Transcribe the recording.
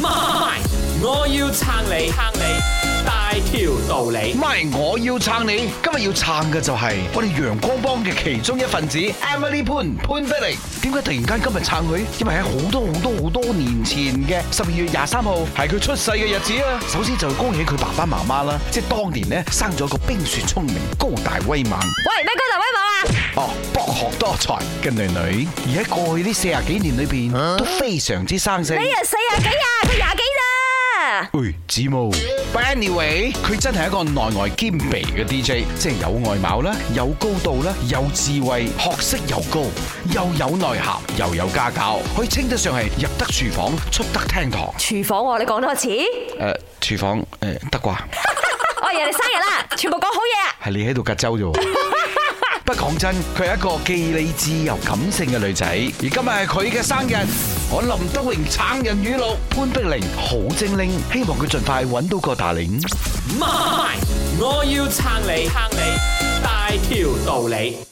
咪，我要撐你，撐你大條道理。咪，我要撐你，今日要撐嘅就係我哋陽光幫嘅其中一份子 Emily Pun，Pun 潘潘菲力。點解突然間今日撐佢？因為喺好多好多好多年前嘅十二月廿三號係佢出世嘅日子啊。首先就恭喜佢爸爸媽媽啦，即係當年咧生咗個冰雪聰明、高大威猛。喂，咩高大威猛啊？哦。Oh. 學多才嘅女女，而喺過去呢四十幾年裏邊都非常之生性你。呢日四廿幾日，佢廿幾啦。喂，子 b 母，Anyway，佢真係一個內外兼備嘅 DJ，即係有外貌啦，有高度啦，有智慧，學識又高，又有內涵，又有家教，可以稱得上係入得廚房，出得廳堂廚房，啊。廚、uh, 房，你講多次。誒，廚房誒得啩？哦，人你生日啦，全部講好嘢。係你喺度隔籬啫。不講真，佢係一個既理智又感性嘅女仔，而今日係佢嘅生日，我林德榮撐人語錄，潘碧玲好精靈，希望佢盡快揾到個大領。賣！我要撐你，撐你大條道理。